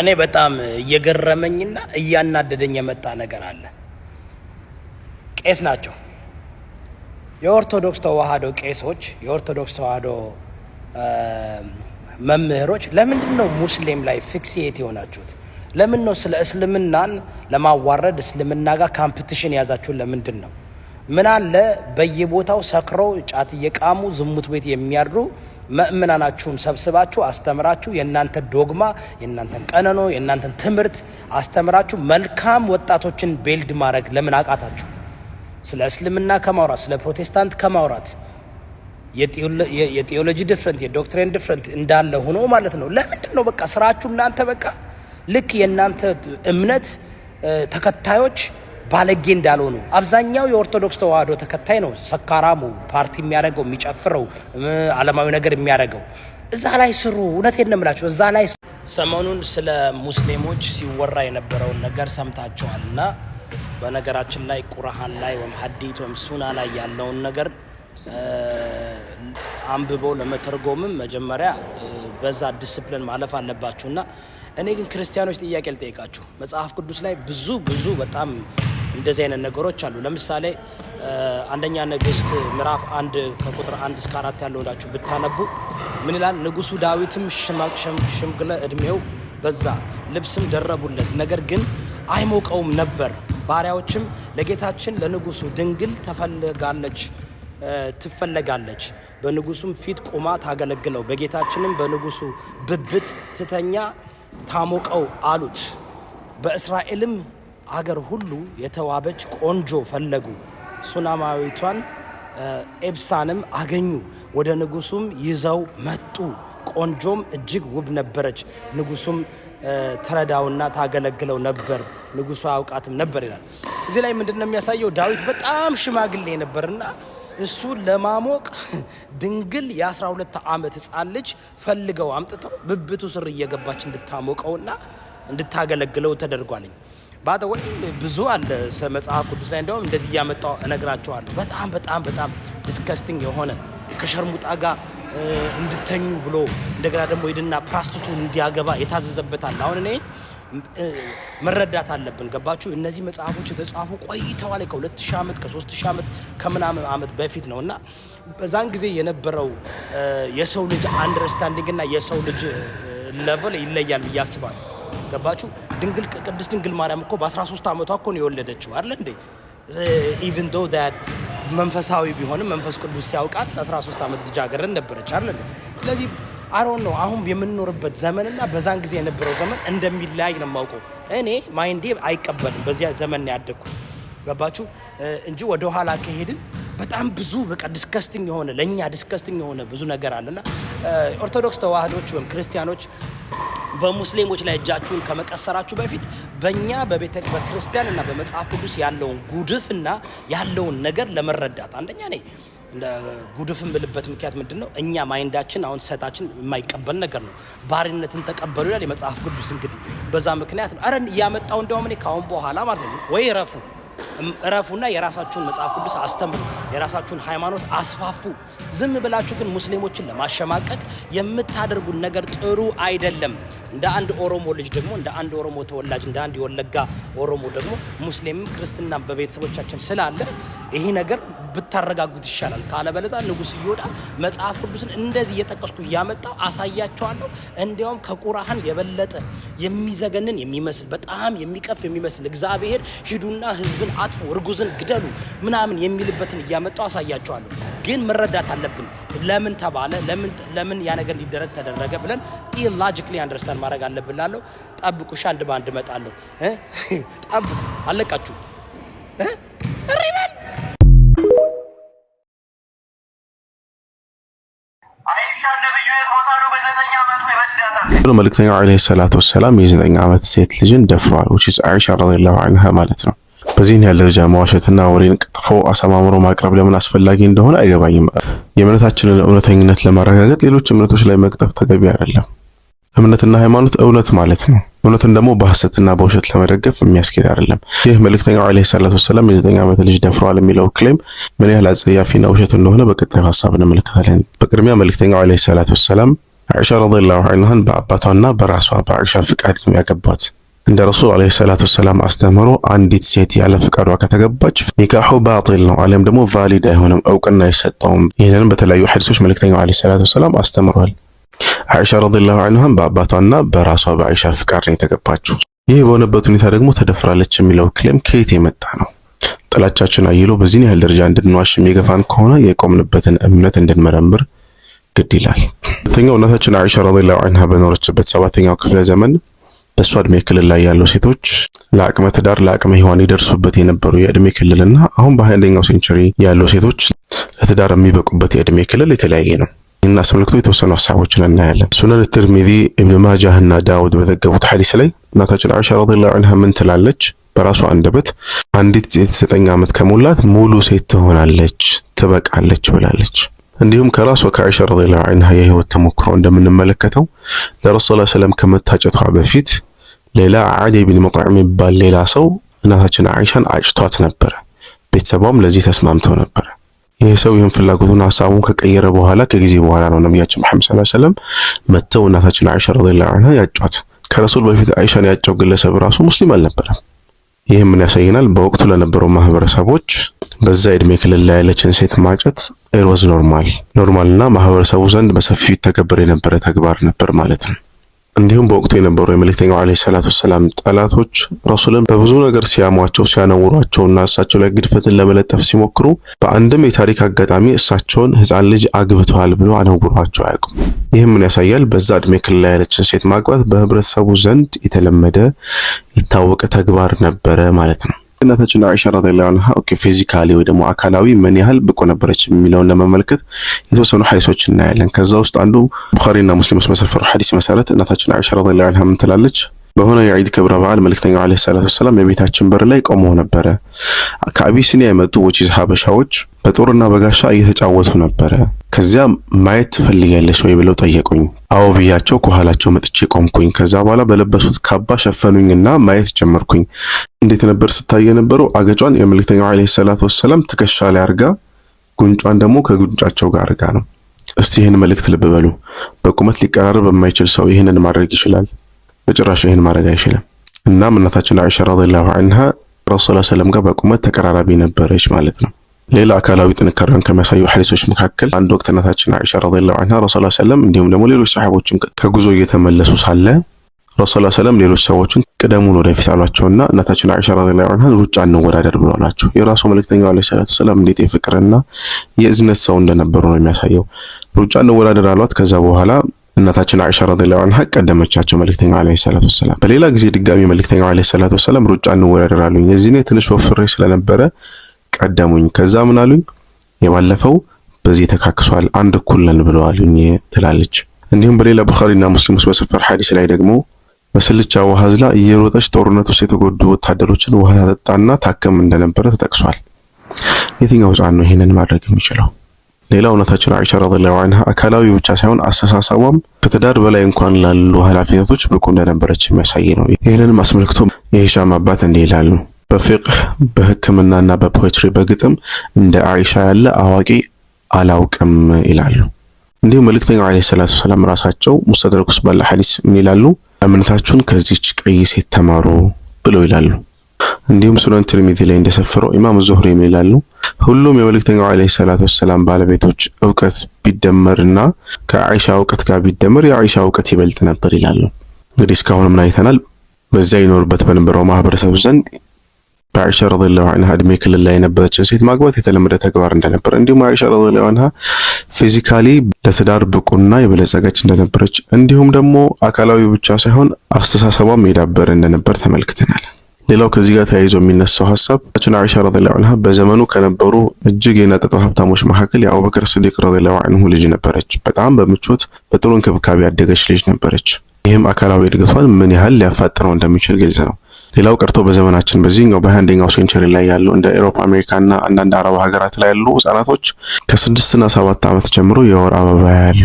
እኔ በጣም እየገረመኝና እያናደደኝ የመጣ ነገር አለ። ቄስ ናቸው። የኦርቶዶክስ ተዋህዶ ቄሶች፣ የኦርቶዶክስ ተዋህዶ መምህሮች ለምንድን ነው ሙስሊም ላይ ፊክሲየት የሆናችሁት? ለምን ነው ስለ እስልምናን ለማዋረድ እስልምና ጋር ካምፕቲሽን የያዛችሁን? ለምንድን ነው ምን አለ በየቦታው ሰክረው ጫት እየቃሙ ዝሙት ቤት የሚያድሩ ምእምናናችሁን ሰብስባችሁ አስተምራችሁ የእናንተ ዶግማ፣ የእናንተን ቀነኖ፣ የእናንተን ትምህርት አስተምራችሁ መልካም ወጣቶችን ቤልድ ማድረግ ለምን አቃታችሁ? ስለ እስልምና ከማውራት ስለ ፕሮቴስታንት ከማውራት የቴዎሎጂ ድፍረንት የዶክትሪን ድፍረንት እንዳለ ሆኖ ማለት ነው። ለምንድን ነው በቃ ስራችሁ እናንተ በቃ ልክ የእናንተ እምነት ተከታዮች ባለጌ እንዳልሆኑ አብዛኛው የኦርቶዶክስ ተዋህዶ ተከታይ ነው ሰካራሙ ፓርቲ የሚያደርገው የሚጨፍረው አለማዊ ነገር የሚያደርገው እዛ ላይ ስሩ። እውነት የነምላቸው እዛ ላይ ሰሞኑን ስለ ሙስሊሞች ሲወራ የነበረውን ነገር ሰምታችኋል። እና በነገራችን ላይ ቁርሃን ላይ ወይም ሀዲት ወይም ሱና ላይ ያለውን ነገር አንብበው ለመተርጎምም መጀመሪያ በዛ ዲስፕሊን ማለፍ አለባችሁ እና እኔ ግን ክርስቲያኖች ጥያቄ ልጠይቃችሁ። መጽሐፍ ቅዱስ ላይ ብዙ ብዙ በጣም እንደዚህ አይነት ነገሮች አሉ። ለምሳሌ አንደኛ ነገስት ምዕራፍ አንድ ከቁጥር አንድ እስከ አራት ያለው ዳችሁ ብታነቡ ምን ይላል? ንጉሱ ዳዊትም ሽምግለ እድሜው በዛ፣ ልብስም ደረቡለት፣ ነገር ግን አይሞቀውም ነበር። ባሪያዎችም ለጌታችን ለንጉሱ ድንግል ተፈልጋለች ትፈለጋለች በንጉሱም ፊት ቁማ ታገለግለው፣ በጌታችንም በንጉሱ ብብት ትተኛ ታሞቀው አሉት። በእስራኤልም አገር ሁሉ የተዋበች ቆንጆ ፈለጉ። ሱናማዊቷን ኤብሳንም አገኙ። ወደ ንጉሱም ይዘው መጡ። ቆንጆም እጅግ ውብ ነበረች። ንጉሱም ትረዳውና ታገለግለው ነበር። ንጉሱ አያውቃትም ነበር ይላል። እዚህ ላይ ምንድን ነው የሚያሳየው? ዳዊት በጣም ሽማግሌ ነበርና እሱን ለማሞቅ ድንግል የ12 ዓመት ህፃን ልጅ ፈልገው አምጥተው ብብቱ ስር እየገባች እንድታሞቀውና እንድታገለግለው ተደርጓልኝ። ባተወይ ብዙ አለ መጽሐፍ ቅዱስ ላይ እንዲያውም እንደዚህ እያመጣው እነግራቸዋለሁ። በጣም በጣም በጣም ዲስከስቲንግ የሆነ ከሸርሙጣ ጋር እንድተኙ ብሎ እንደገና ደግሞ ሂድና ፕራስቲቱን እንዲያገባ የታዘዘበታል። አሁን እኔ መረዳት አለብን። ገባችሁ? እነዚህ መጽሐፎች የተጻፉ ቆይተዋል። ከ ሺህ ዓመት ከ ሺህ ዓመት ከምናምን ዓመት በፊት ነው እና በዛን ጊዜ የነበረው የሰው ልጅ አንደርስታንዲንግ እና የሰው ልጅ ለቨል ይለያል ብዬ አስባለሁ። ገባችሁ? ድንግል ቅድስት ድንግል ማርያም እኮ በ13 ዓመቷ እኮ ነው የወለደችው አለ እንዴ? ኢቨን ዶ ዳት መንፈሳዊ ቢሆንም መንፈስ ቅዱስ ሲያውቃት 13 ዓመት ልጃገረድ ነበረች አለ። ስለዚህ አሮን ነው አሁን የምንኖርበት ዘመን እና በዛን ጊዜ የነበረው ዘመን እንደሚለያይ ነው የማውቀው። እኔ ማይንዴ አይቀበልም። በዚያ ዘመን ነው ያደግኩት ገባችሁ እንጂ ወደኋላ ከሄድን በጣም ብዙ በቃ ዲስከስቲንግ የሆነ ለእኛ ዲስከስቲንግ የሆነ ብዙ ነገር አለና ኦርቶዶክስ ተዋህዶች ወይም ክርስቲያኖች በሙስሊሞች ላይ እጃችሁን ከመቀሰራችሁ በፊት በእኛ በቤተ በክርስቲያን እና በመጽሐፍ ቅዱስ ያለውን ጉድፍ እና ያለውን ነገር ለመረዳት አንደኛ ኔ ጉድፍም ብልበት ምክንያት ምንድን ነው? እኛ ማይንዳችን አሁን ሰታችን የማይቀበል ነገር ነው። ባርነትን ተቀበሉ ይላል የመጽሐፍ ቅዱስ። እንግዲህ በዛ ምክንያት ነው አረን እያመጣው እንደውም እኔ ካሁን በኋላ ማለት ነው ወይ ረፉ እረፉና የራሳችሁን መጽሐፍ ቅዱስ አስተምሩ፣ የራሳችሁን ሃይማኖት አስፋፉ። ዝም ብላችሁ ግን ሙስሊሞችን ለማሸማቀቅ የምታደርጉን ነገር ጥሩ አይደለም። እንደ አንድ ኦሮሞ ልጅ ደግሞ እንደ አንድ ኦሮሞ ተወላጅ እንደ አንድ የወለጋ ኦሮሞ ደግሞ ሙስሊምም ክርስትና በቤተሰቦቻችን ስላለ ይህ ነገር ብታረጋጉት ይሻላል። ካለበለዛ ንጉስ ይወዳ መጽሐፍ ቅዱስን እንደዚህ እየጠቀስኩ እያመጣው አሳያቸዋለሁ። እንዲያውም ከቁርአን የበለጠ የሚዘገንን የሚመስል በጣም የሚቀፍ የሚመስል እግዚአብሔር ሂዱና ህዝብን አጥፉ፣ እርጉዝን ግደሉ ምናምን የሚልበትን እያመጣው አሳያቸዋለሁ። ግን መረዳት አለብን። ለምን ተባለ? ለምን ያ ነገር ሊደረግ ተደረገ? ብለን ቲዮሎጂካሊ አንደርስታንድ ማድረግ አለብን። ላለው ጠብቁ፣ አንድ ባንድ እመጣለሁ። ጠብቁ፣ አለቃችሁ መልእክተኛው ዓለይሂ ሰላቱ ወሰላም የዘጠኝ ዓመት ሴት ልጅን ደፍሯል። ውቺስ አይሻ ረዲየላሁ አንሃ ማለት ነው። በዚህን ያህል ደረጃ መዋሸትና ወሬን ቀጥፎ አሰማምሮ ማቅረብ ለምን አስፈላጊ እንደሆነ አይገባኝም። የእምነታችንን እውነተኝነት ለማረጋገጥ ሌሎች እምነቶች ላይ መቅጠፍ ተገቢ አይደለም። እምነትና ሃይማኖት እውነት ማለት ነው። እውነትን ደግሞ በሐሰትና በውሸት ለመደገፍ የሚያስኬድ አይደለም። ይህ መልእክተኛው ዓለይሂ ሰላቱ ወሰላም የዘጠኝ ዓመት ልጅ ደፍሯል የሚለው ክሌም ምን ያህል አጸያፊና ውሸት እንደሆነ በቀጣዩ ሀሳብ እንመለከታለን። በቅድሚያ መልእክተኛው ዓለይሂ ሰላቱ ወሰላም አይሻ ረዲየላሁ አንሃን በአባቷና በራሷ በአይሻ ፍቃድ ነው ያገቧት። እንደ ረሱል ዓለይሂ ሰላቱ ወሰላም አስተምህሮ አንዲት ሴት ያለ ፍቃዷ ከተገባች ኒካሑ ባጢል ነው፣ አሊያም ደግሞ ቫሊድ አይሆንም፣ እውቅና አይሰጠውም። ይህንንም በተለያዩ ሐዲሶች መልእክተኛው ዓለይሂ ሰላቱ ወሰላም አስተምረዋል። አይሻ ረዲየላሁ አንሃን በአባቷና በራሷ በአይሻ ፍቃድ ነው የተገባችው። ይህ በሆነበት ሁኔታ ደግሞ ተደፍራለች የሚለው ክሌም ከየት የመጣ ነው? ጥላቻችን አይሎ በዚህን ያህል ደረጃ እንድንዋሽ የሚገፋን ከሆነ የቆምንበትን እምነት እንድንመረምር ግድ ይላል። ሁለተኛው እናታችን አይሻ ረዲየላሁ አንሃ በኖረችበት ሰባተኛው ክፍለ ዘመን በእሷ እድሜ ክልል ላይ ያሉ ሴቶች ለአቅመ ትዳር ለአቅመ ሔዋን ይደርሱበት የነበሩ የእድሜ ክልልና አሁን በ21ኛው ሴንቸሪ ያሉ ሴቶች ለትዳር የሚበቁበት የእድሜ ክልል የተለያየ ነው። ይህን አስመልክቶ የተወሰኑ ሀሳቦችን እናያለን። ሱነን ትርሚዚ፣ ኢብን ማጃህ እና ዳውድ በዘገቡት ሀዲስ ላይ እናታችን አይሻ ረዲየላሁ አንሃ ምን ትላለች? በራሱ አንደበት አንዲት ዘጠኝ ዓመት ከሞላት ሙሉ ሴት ትሆናለች፣ ትበቃለች ብላለች። እንዲሁም ከራሷ ከአይሻ ረዲየላሁ ዐንሃ የህይወት ተሞክሮ እንደምንመለከተው ለረሱል ሰለም ከመታጨቷ በፊት ሌላ አደይ ቢን ሙጥዒም የሚባል ሌላ ሰው እናታችን አይሻን አጭቷት ነበረ። ቤተሰቧም ለዚህ ተስማምተው ነበረ። ይህ ሰው ይህን ፍላጎቱን ሀሳቡን ከቀየረ በኋላ ከጊዜ በኋላ ነው ነቢያችን መሐመድ ሰለላሁ ዐለይሂ ወሰለም መተው እናታችን አይሻ ረዲየላሁ ዐንሃ ያጯት። ከረሱል በፊት አይሻን ያጨው ግለሰብ ራሱ ሙስሊም አልነበረም። ይህም ምን ያሳየናል? በወቅቱ ለነበሩ ማህበረሰቦች በዛ እድሜ ክልል ላይ ያለችን ሴት ማጨት ኢሮዝ ኖርማል ኖርማልና ማህበረሰቡ ዘንድ በሰፊው ይተገበር የነበረ ተግባር ነበር ማለት ነው። እንዲሁም በወቅቱ የነበሩ የመልእክተኛው ዓለይሂ ሰላቱ ወሰላም ጠላቶች ረሱልን በብዙ ነገር ሲያሟቸው ሲያነውሯቸውና እሳቸው ላይ ግድፈትን ለመለጠፍ ሲሞክሩ በአንድም የታሪክ አጋጣሚ እሳቸውን ሕፃን ልጅ አግብተዋል ብሎ አነውሯቸው አያውቁም። ይህም ምን ያሳያል? በዛ እድሜ ክልል ላይ ያለችን ሴት ማግባት በህብረተሰቡ ዘንድ የተለመደ የታወቀ ተግባር ነበረ ማለት ነው። እናታችን አይሻ ረዲየላሁ ዐንሃ ኦኬ ፊዚካሊ ወይ ደግሞ አካላዊ ምን ያህል ብቁ ነበረች የሚለውን ለመመልከት የተወሰኑ ሐዲሶች እናያለን። ከዛ ውስጥ አንዱ ቡኻሪና ሙስሊም ውስጥ ሐዲስ መሰረት እናታችን አይሻ ረዲየላሁ ዐንሃ ምን ትላለች? በሆነ የዒድ ክብረ በዓል መልእክተኛው ዓለይሂ ሰላቱ ወሰላም የቤታችን በር ላይ ቆመው ነበረ። ከአቢሲኒያ የመጡ ወጪ ሀበሻዎች በጦርና በጋሻ እየተጫወቱ ነበረ። ከዚያ ማየት ትፈልጊያለሽ ወይ ብለው ጠየቁኝ። አዎ ብያቸው ከኋላቸው መጥቼ ቆምኩኝ። ከዛ በኋላ በለበሱት ካባ ሸፈኑኝ እና ማየት ጀመርኩኝ። እንዴት ነበር ስታይ የነበረው? አገጯን የመልክተኛው ዓለይሂ ሰላቱ ወሰላም ትከሻ ላይ አርጋ፣ ጉንጯን ደግሞ ከጉንጫቸው ጋር አርጋ ነው። እስቲ ይህን መልእክት ልብ በሉ። በቁመት ሊቀራረብ የማይችል ሰው ይህንን ማድረግ ይችላል። በጭራሽ ይህን ማድረግ አይችልም። እናም እናታችን አይሻ ረዲየላሁ ዐንሃ ረሱላ ሰለም ጋር በቁመት ተቀራራቢ ነበረች ማለት ነው። ሌላ አካላዊ ጥንካሬን ከሚያሳዩ ሐዲሶች መካከል አንድ ወቅት እናታችን አይሻ ረዲየላሁ ዐንሃ ረሱላ ሰለም እንዲሁም ደግሞ ሌሎች ሰሐቦችም ከጉዞ እየተመለሱ ሳለ ረሱላ ሰለም ሌሎች ሰዎችን ቅደሙን ወደፊት አሏቸውና እናታችን አይሻ ረዲየላሁ ዐንሃ ሩጫ እንወዳደር ብሎ የራሱ መልእክተኛው አለይሂ ሰላቱ ሰላም እንዴት የፍቅርና የእዝነት ሰው እንደነበሩ ነው የሚያሳየው። ሩጫ እንወዳደር አሏት። ከዛ በኋላ እናታችን አይሻ ረዲየላሁ ዐንሃ ቀደመቻቸው መልእክተኛው አለይሂ ሰላቱ ወሰላም። በሌላ ጊዜ ድጋሚ መልእክተኛው ዐለይሂ ሰላቱ ወሰላም ሩጫ እንወዳደር አሉኝ። የዚህ ትንሽ ወፍሬ ስለነበረ ቀደሙኝ። ከዛ ምን አሉኝ? የባለፈው በዚህ ተካክሷል፣ አንድ እኩል ነን ብለዋሉኝ ትላለች። እንዲሁም በሌላ ቡኻሪና ሙስሊም ውስጥ በሰፈር ሐዲስ ላይ ደግሞ በስልቻ ውሃ ዝላ እየሮጠች ጦርነት ውስጥ የተጎዱ ወታደሮችን ውሃ ታጠጣና ታከም እንደነበረ ተጠቅሷል። የትኛው ህፃን ነው ይሄንን ማድረግ የሚችለው? ሌላ እውነታችን አይሻ ረዲየላሁ ዐንሃ አካላዊ ብቻ ሳይሆን አስተሳሰቧም ከትዳር በላይ እንኳን ላሉ ኃላፊነቶች ብቁ እንደነበረች የሚያሳይ ነው። ይህንንም አስመልክቶ የሂሻም አባት እንዲህ ይላሉ በፍቅህ በህክምናና በፖኤትሪ በግጥም እንደ አይሻ ያለ አዋቂ አላውቅም ይላሉ። እንዲሁም መልእክተኛው ዓለይሂ ሰላቱ ወሰላም ራሳቸው ሙስተድረክ ውስጥ ባለ ሐዲስ ምን ይላሉ? እምነታችሁን ከዚች ቀይ ሴት ተማሩ ብለው ይላሉ። እንዲሁም ሱነን ትርሚዚ ላይ እንደሰፈረው ኢማም ዙህሪ ምን ይላሉ? ሁሉም የመልእክተኛው ዓለይሂ ሰላቱ ወሰላም ባለቤቶች እውቀት ቢደመርና ከአይሻ እውቀት ጋር ቢደመር የአይሻ እውቀት ይበልጥ ነበር ይላሉ። እንግዲህ እስካሁን ምን አይተናል? በዚያ ይኖርበት በነበረው ማህበረሰብ ዘንድ በአይሻ ረዲየላሁ አንሃ እድሜ ክልል ላይ የነበረችን ሴት ማግባት የተለመደ ተግባር እንደነበር እንዲሁም አይሻ ረዲየላሁ አንሃ ፊዚካሊ ለትዳር ብቁና የበለጸገች እንደነበረች እንዲሁም ደግሞ አካላዊ ብቻ ሳይሆን አስተሳሰቧም የዳበረ እንደነበር ተመልክተናል። ሌላው ከዚህ ጋር ተያይዞ የሚነሳው ሀሳብ ታችን አይሻ ረዲየላሁ አንሃ በዘመኑ ከነበሩ እጅግ የነጠጠው ሀብታሞች መካከል የአቡበክር ስዲቅ ረዲየላሁ አንሁ ልጅ ነበረች። በጣም በምቾት በጥሩ እንክብካቤ ያደገች ልጅ ነበረች። ይህም አካላዊ እድገቷን ምን ያህል ሊያፋጥነው እንደሚችል ግልጽ ነው። ሌላው ቀርቶ በዘመናችን በዚህኛው በሃያ ሴንቸሪ ላይ ያሉ እንደ ኤሮፓ አሜሪካና አንዳንድ አረብ ሀገራት ላይ ያሉ ህጻናቶች ከስድስትና ሰባት ዓመት ጀምሮ የወር አበባ ያሉ።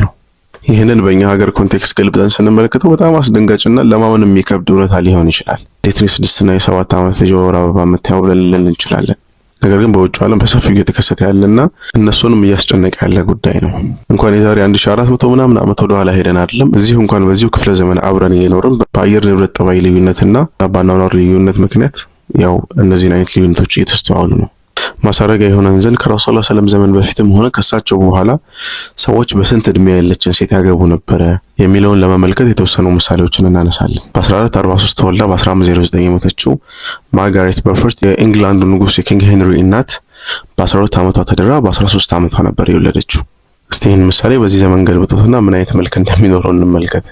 ይህንን በእኛ ሀገር ኮንቴክስት ገልብጠን ስንመለከተው በጣም አስደንጋጭና ለማመን የሚከብድ እውነታ ሊሆን ይችላል። የስድስትና የሰባት ዓመት ልጅ የወር አበባ የምታየው ብለን ልንል እንችላለን። ነገር ግን በውጭ ዓለም በሰፊው እየተከሰተ ያለና እነሱንም እያስጨነቀ ያለ ጉዳይ ነው። እንኳን የዛሬ 1400 ምናምን ዓመት ወደ ኋላ ሄደን አይደለም እዚሁ እንኳን በዚሁ ክፍለ ዘመን አብረን እየኖርን በአየር ንብረት ጠባይ ልዩነትና በአኗኗር ልዩነት ምክንያት ያው እነዚህን አይነት ልዩነቶች እየተስተዋሉ ነው። ማሳረጊያ የሆነን ዘንድ ከረሱላ ሰለላሁ ዘመን በፊትም ሆነ ከሳቸው በኋላ ሰዎች በስንት እድሜ ያለችን ሴት ያገቡ ነበረ የሚለውን ለመመልከት የተወሰኑ ምሳሌዎችን እናነሳለን። በ1443 ተወልዳ በ1509 የሞተችው ማርጋሬት በርፈርት የኢንግላንዱ ንጉስ የኪንግ ሄንሪ እናት በ12 ዓመቷ ተደራ በ13 ዓመቷ ነበር የወለደችው። እስቲ ይህን ምሳሌ በዚህ ዘመን ገልብጦትና ምን አይነት መልክ እንደሚኖረው እንመልከት።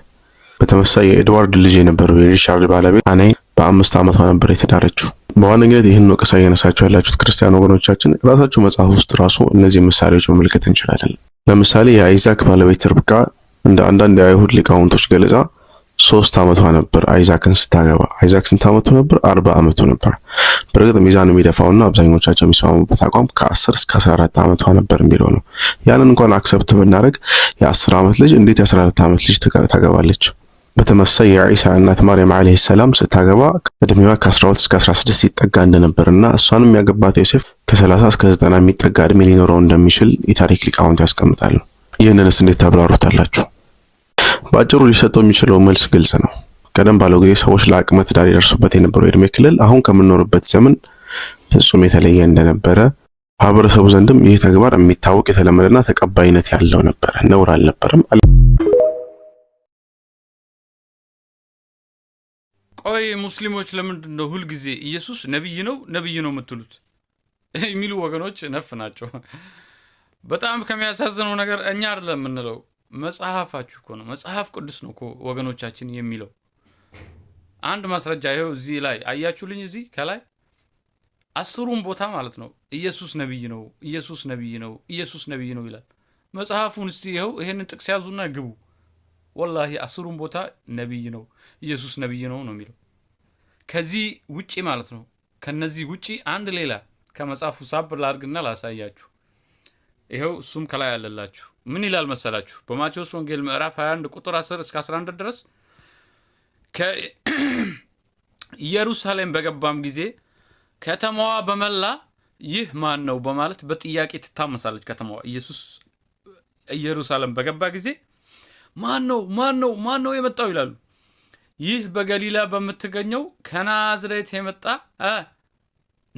በተመሳይ የኤድዋርድ ልጅ የነበረው የሪቻርድ ባለቤት አኔ በአምስት ዓመቷ ነበር የተዳረችው። በዋነኝነት ይህን ወቀሳ እያነሳችሁ ያላችሁት ክርስቲያን ወገኖቻችን ራሳችሁ መጽሐፍ ውስጥ ራሱ እነዚህ ምሳሌዎች መመልከት እንችላለን። ለምሳሌ የአይዛክ ባለቤት ርብቃ እንደ አንዳንድ የአይሁድ ሊቃውንቶች ገለጻ ሶስት ዓመቷ ነበር አይዛክን ስታገባ። አይዛክ ስንት ዓመቱ ነበር? አርባ ዓመቱ ነበር። በእርግጥ ሚዛን የሚደፋውና አብዛኞቻቸው የሚስማሙበት አቋም ከአስር እስከ አስራ አራት ዓመቷ ነበር የሚለው ነው። ያንን እንኳን አክሰብት ብናደርግ የአስር ዓመት ልጅ እንዴት የአስራ አራት ዓመት ልጅ ታገባለች? በተመሳይ የዒሳ እናት ማርያም ዓለይሂ ሰላም ስታገባ እድሜዋ ከ12 እስከ 16 ይጠጋ እንደነበርና እሷንም ያገባት ዮሴፍ ከ30 እስከ 90 የሚጠጋ እድሜ ሊኖረው እንደሚችል የታሪክ ሊቃውንት ያስቀምጣሉ። ይህንንስ እንዴት ታብራሩታላችሁ? በአጭሩ ሊሰጠው የሚችለው መልስ ግልጽ ነው። ቀደም ባለው ጊዜ ሰዎች ለአቅመ ትዳር የደርሱበት የነበረው የእድሜ ክልል አሁን ከምኖርበት ዘመን ፍጹም የተለየ እንደነበረ ማህበረሰቡ ዘንድም ይህ ተግባር የሚታወቅ የተለመደና ተቀባይነት ያለው ነበረ። ነውር አልነበረም። ቆይ ሙስሊሞች ለምንድን ነው ሁልጊዜ ኢየሱስ ነቢይ ነው ነቢይ ነው የምትሉት የሚሉ ወገኖች ነፍ ናቸው። በጣም ከሚያሳዝነው ነገር እኛ አይደለም የምንለው መጽሐፋችሁ እኮ ነው። መጽሐፍ ቅዱስ ነው እኮ ወገኖቻችን የሚለው። አንድ ማስረጃ ይኸው እዚህ ላይ አያችሁልኝ፣ እዚህ ከላይ አስሩም ቦታ ማለት ነው ኢየሱስ ነቢይ ነው፣ ኢየሱስ ነቢይ ነው፣ ኢየሱስ ነቢይ ነው ይላል። መጽሐፉን እስቲ ይኸው ይሄንን ጥቅስ ያዙና ግቡ። ወላሂ አስሩን ቦታ ነቢይ ነው ኢየሱስ ነቢይ ነው ነው የሚለው። ከዚህ ውጪ ማለት ነው። ከነዚህ ውጪ አንድ ሌላ ከመጽሐፉ ሳብ ላድርግና ላሳያችሁ። ይኸው እሱም ከላይ አለላችሁ ምን ይላል መሰላችሁ? በማቴዎስ ወንጌል ምዕራፍ 21 ቁጥር 10 እስከ 11 ድረስ ኢየሩሳሌም በገባም ጊዜ ከተማዋ በመላ ይህ ማን ነው በማለት በጥያቄ ትታመሳለች። ከተማዋ ኢየሱስ ኢየሩሳሌም በገባ ጊዜ ማን ነው ማን ነው ማን ነው የመጣው ይላሉ። ይህ በገሊላ በምትገኘው ከናዝሬት የመጣ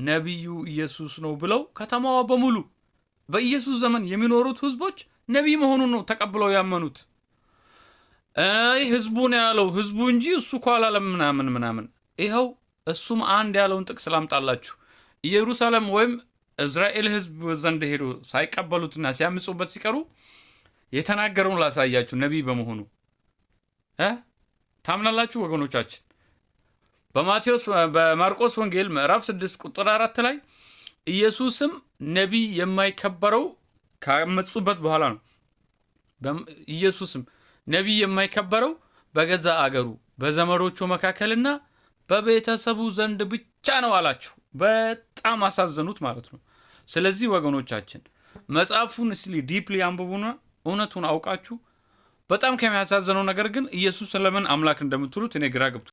ነቢዩ ኢየሱስ ነው ብለው ከተማዋ በሙሉ በኢየሱስ ዘመን የሚኖሩት ህዝቦች ነቢይ መሆኑን ነው ተቀብለው ያመኑት። አይ ህዝቡ ነው ያለው ህዝቡ እንጂ እሱ እኮ አላለም ምናምን ምናምን። ይኸው እሱም አንድ ያለውን ጥቅስ ላምጣላችሁ። ኢየሩሳሌም ወይም እስራኤል ህዝብ ዘንድ ሄዶ ሳይቀበሉትና ሲያምፁበት ሲቀሩ የተናገረውን ላሳያችሁ። ነቢይ በመሆኑ ታምናላችሁ ወገኖቻችን። በማቴዎስ በማርቆስ ወንጌል ምዕራፍ 6 ቁጥር 4 ላይ ኢየሱስም ነቢይ የማይከበረው ከመጹበት በኋላ ነው። ኢየሱስም ነቢይ የማይከበረው በገዛ አገሩ በዘመዶቹ መካከልና በቤተሰቡ ዘንድ ብቻ ነው አላቸው። በጣም አሳዘኑት ማለት ነው። ስለዚህ ወገኖቻችን መጽሐፉን እስሊ ዲፕሊ አንብቡና እውነቱን አውቃችሁ በጣም ከሚያሳዝነው ነገር ግን ኢየሱስ ለምን አምላክ እንደምትሉት እኔ ግራ ገብቶ